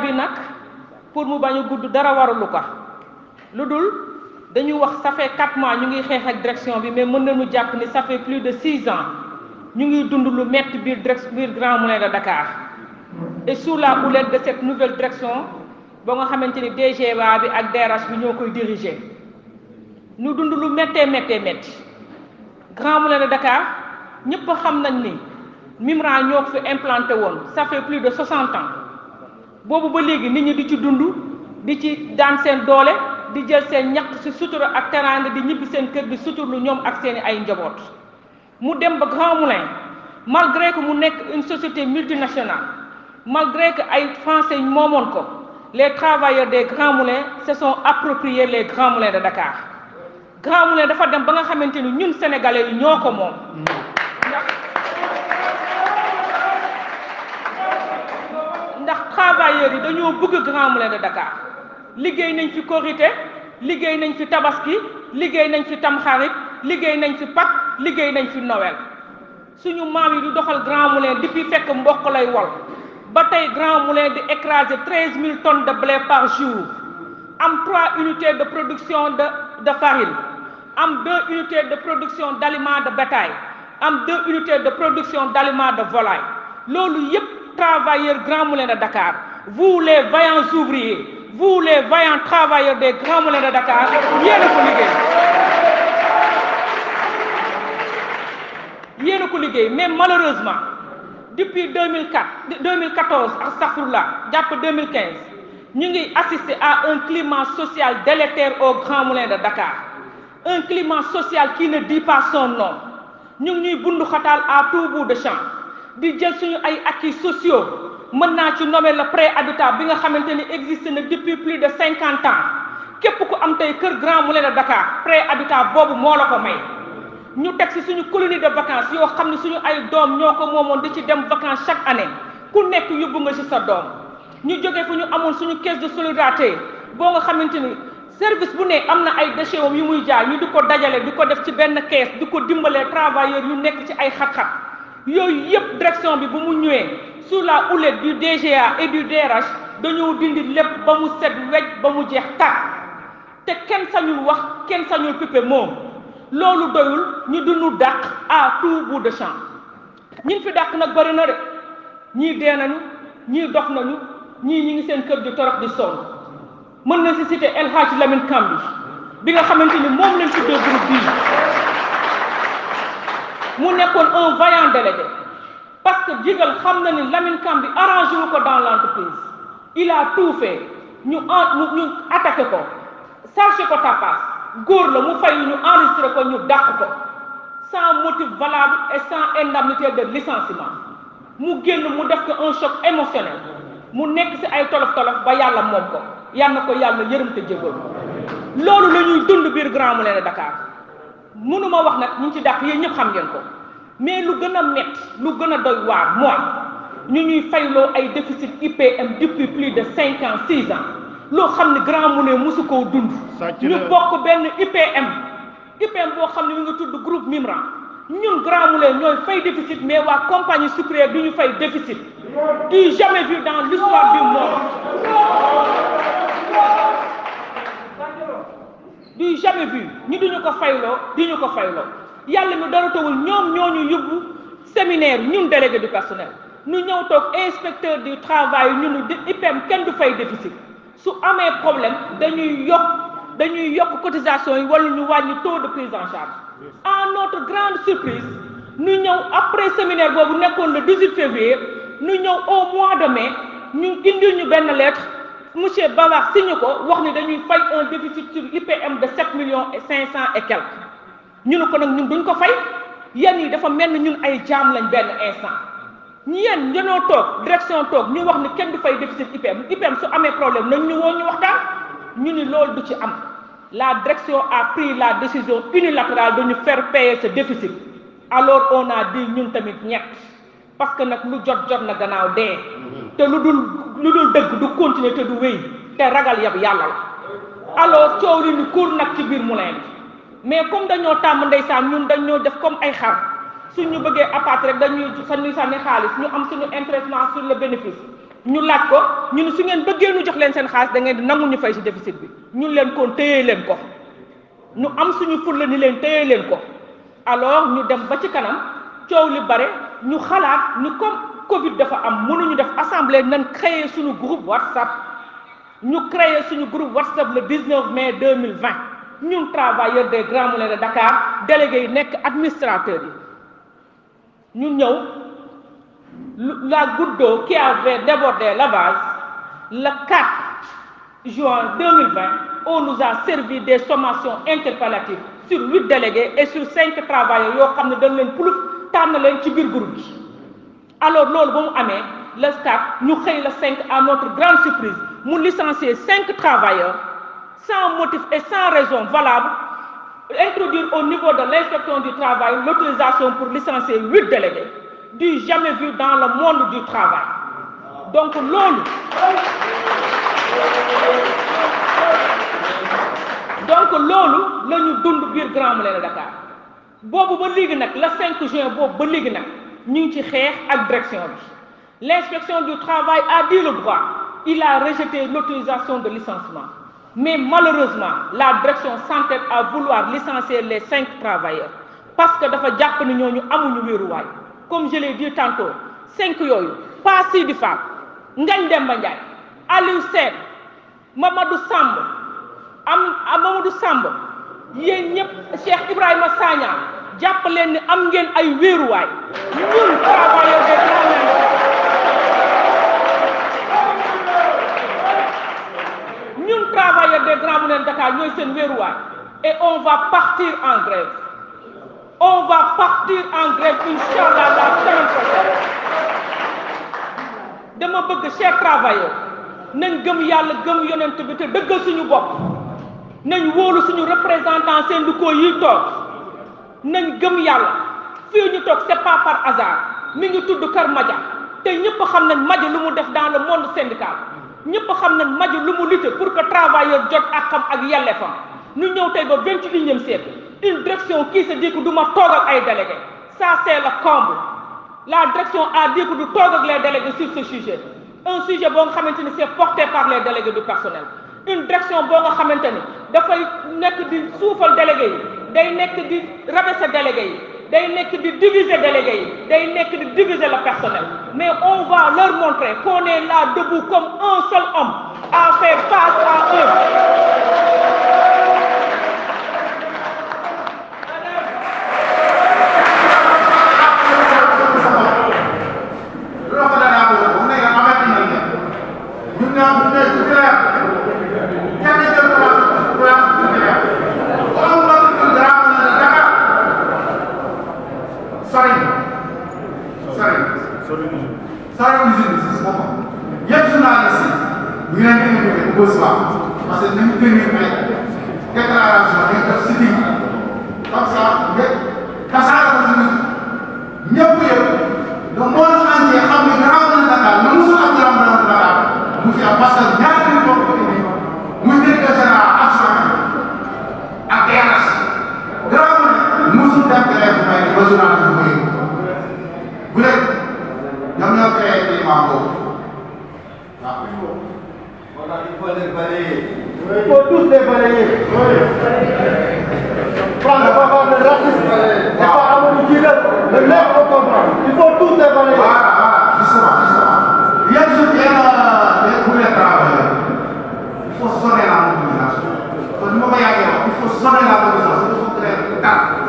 bi nag pour mu bañ a gudd dara warulu ko lu dul dañu wax ça fait quatre mois ñu ngi xeex ak direction bi mais mën nañu jàpp ni ça fait plus de six ans ñu ngi dund lu metti biir direct biir Grand Moulin de Dakar et sous la houlette de cette nouvelle direction ba nga xamante ni DGA bi ak DRH bi ñoo koy diriger ñu dund lu méttee méttee métti Grand Moulin de Dakar ñëpp xam nañ ni Mimran ñoo ko fi implanté woon ça fait plus de 60 ans bobu ba légui nit ñi di ci dundu di ci daan seen doole di jël seen ñaq ci sutura ak teraanga di ñibbi seen kër di suturlu ñoom ak seeni ay njaboot mu dem ba Grand Moulin malgré que mu nekk une société multinationale malgré que ay français moomoon ko les travailleurs des Grands Moulins se sont appropriés les Grands Moulins de Dakar Grand moulin dafa dem ba nga xamante ni ñun sénégalais yi ñoo ko moom. travailleurs yi beaucoup de Grand Moulin de Dakar liggéey nañ ci corité liggéey nañ ci tabaski liggéey nañ fi tamxarit liggéey nañ ci Pâques liggéey nañ ci Noël suñu nous yi di doxal Grand Moulin depuis fekk mbokk lay wol ba tey Grand Moulin di écraser treize mille tonnes de blé par jour am trois unités de production de de farine am deux unités de production d'aliments de bétail am deux unités de production d'aliments de volaille loolu yépp travailleurs Grand Moulin de Dakar vous les vaillants ouvriers vous les vaillants travailleurs des grands moulins de Dakar vous êtes ko liggéey mais malheureusement depuis 2004 2014 astafurlah d'après 2015 nous assistons à un climat social délétère au grands moulins de Dakar un climat social qui ne dit pas son nom Nous sommes à tout bout de champ di jël suñu ay acquis sociaux. mën naa ci nommer le pré habitat bi nga xamante ni existe na depuis plus de cinquante ans képp ku am tey kër Grand Moulin de Dakar pré habitat boobu moo la ko may ñu teg si suñu colonie de vacances yoo xam ne suñu ay doom ñoo ko moomoon di ci dem vacances chaque année ku nekk yóbbu nga si sa doom ñu jógee fu ñu amoon suñu caisse de solidarité boo nga xamante ni service bu ne am na ay déchets yu muy jaay ñu di ko dajale di ko def ci benn caisse di ko dimbalee travailleurs yu nekk ci ay xat yooyu yëpp direction bi bu mu ñëwee sous la houlette du DGA et du DRH dañoo dindi lépp ba mu set wecc ba mu jeex tàkk te kenn sañul wax kenn sañul pipe moom loolu doyul ñu dunu dàq à tout bout de champ ñin fi dàq nag bëri na de ñii dee nañu ñii dox nañu ñii ñi ngi seen kër di torox di sonn mën nañ si cité El Hadj Lamine bi nga xamante ni moom lañ tuddee groupe bii mu nekkoon un vaillant délégué parce que Diegane xam na ni Lamine Camp bi arrangé wu ko dans l' entreprise il a tout fait ñu en ñu attaqué ko chargé ko tapas góor la mu fay ñu enregistré ko ñu dàq ko sans motif valable et sans indemnité de licenciement mu génn mu def ko un choc émotionnel mu nekk ci ay tolof tolof ba yàlla moom ko yal na ko yàlla yërëm te jégal loolu la ñuy dund biir Grand mu leen Dakar mënuma wax nag ñu ci dàq yéen mais lu a lu déficit IPM depuis plus de 5 ans 6 ans loo xam Grand dund ñu bokk IPM IPM boo xam ne nga groupe ñun Grand Moulin fay déficit mais waa compagnie sucrière ñu déficit jamais vu dans l'histoire du monde du jamais vu nous duñu ko faylo diñu ko faylo yalla mi dara tawul avons ñoo séminaire ñun délégué du personnel ñu ñew tok inspecteur du travail nous avons IPM kenn du fay déficit su un problème dañuy yok dañuy yok cotisation yi wala ñu wàññi taux de prise en charge à notre grande surprise ñu ñew après séminaire bobu le 18 février ñu ñew au mois de mai ñu indil ñu benn lettre Monsieur Bavard l'a signé et nous a dit qu'on un déficit sur l'IPM de 7,5 millions et quelques. Nous ne pouvions pas le faire. Il y a des fois, même si nous avions fait un déficit de 1,5 millions. Nous avons dit direction que nous ne pouvions pas payer un déficit sur l'IPM. Si l'IPM n'avait pas de problème, nous ne l'aurions pas fait. Nous ne l'aurions pas fait. La direction a pris la décision unilatérale de nous faire payer ce déficit. Alors, on a dit que nous ne pouvions pas le faire. Parce que nous avons beaucoup de problèmes lu dul dëgg du continuer te du wéy te ragal yab yàlla la alors coow li ñu kuur nag ci biir moulin bi mais comme dañoo tàmm ndeysaan ñun dañoo def comme ay xar suñu ñu bëggee apat rek dañuy sànni sànni xaalis ñu am suñu intéressement sur le bénéfice ñu laaj ko ñun ne su ngeen bëggee ñu jox leen seen xaalis da ngeen di nangu ñu fay si déficit bi ñun leen kon téye leen ko ñu am suñu fulla ni leen téye leen ko alors ñu dem ba ci kanam coow li bare ñu xalaat ñu comme Covid dafa am mënuñu def assemblée sur créer groupe WhatsApp ñu créer suñu groupe WhatsApp le 19 mai 2020 ñun travailleurs des Grands Moulins de Dakar délégués nek administrateur administrateurs yi la goutte d'eau qui avait débordé la base, le 4 juin 2020 on nous a servi des sommations interpellatives sur huit délégués et sur cinq travailleurs yo xam dañ leen plouf tan leen ci groupe alors nous avons mu le staff ñu créons le 5 à notre grande surprise Nous licencier 5 travailleurs sans motif et sans raison valable introduire au niveau de l'inspection du travail l'autorisation pour licencier huit délégués du jamais vu dans le monde du travail donc loolu donc nous, nous donne dund biir Grand le Dakar bobu ba nak le 5 juin vous ba ñu ci direction l'inspection du travail a dit le droit il a rejeté l'autorisation de licenciement mais malheureusement la direction s'entête à vouloir licencier les cinq travailleurs parce que nous avons ne comme je l'ai dit tantôt cinq yooyu pas Sidi du Ngagne Aliou Sène Mamadou Samb am Mamadou Sambo, Cheikh Ibrahim Sanya, jàpp leen ni am ngeen ay wéeruwaay ñun travailleurs des grands ñun travailleurs des grands moulins Dakar ñooy seen wéeruwaay et on va partir en grève on va partir en grève inchallah la semaine prochaine dama bëgg chers travailleurs nañ gëm yàlla gëm yonent bi te dëggal suñu bopp nañ wóolu suñu représentant syndicaux yi toog nañ gëm yàlla fii ñu toog c'est pas par hasard mi ngi tudd Kër Madia te ñëpp xam nañ Madia lu mu def dans le monde syndical ñëpp xam nañ Madia lu mu lutter pour que travailleur jot ak xam ak yelleefam ñu ñëw tey ba vingt-et-unième siècle une direction qui se dit que du ma toog ak ay délégué ça c'est le comble la direction a dit que du toog ak les délégués sur ce sujet un sujet boo nga xamante ni c'est porté par les délégués du personnel une direction boo nga xamante ni dafay nekk di suufal délégué yi day nekk di rabaisser délégué des day nekk di diviser délégué yi day nekk di diviser le personnel mais on va leur montrer qu'on est là debout comme un seul homme à faire face à eux Sorun üzülmesi. Sorun üzülmesi baba. Hepsinin ailesi. Yine ne gibi bu sıva. Mesela ne gibi bir şey. Tekrar arasında ne kadar sitim. Yoksa ne kasar Produce balaye. Prendre la parole de racisme. Et pas à mon dire, le maire peut comprendre. Il faut tous les balayer. Voilà, voilà, justement, justement. Il y a toujours des couleurs graves. Il faut sonner la mobilisation. Il faut sonner la